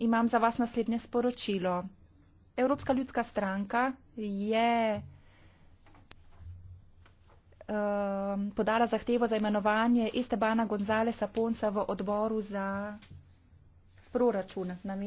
imam za vas naslednje sporočilo. Evropska ljudska stranka je um, podala zahtevo za imenovanje Estebana Gonzalesa Ponca v odboru za proračun.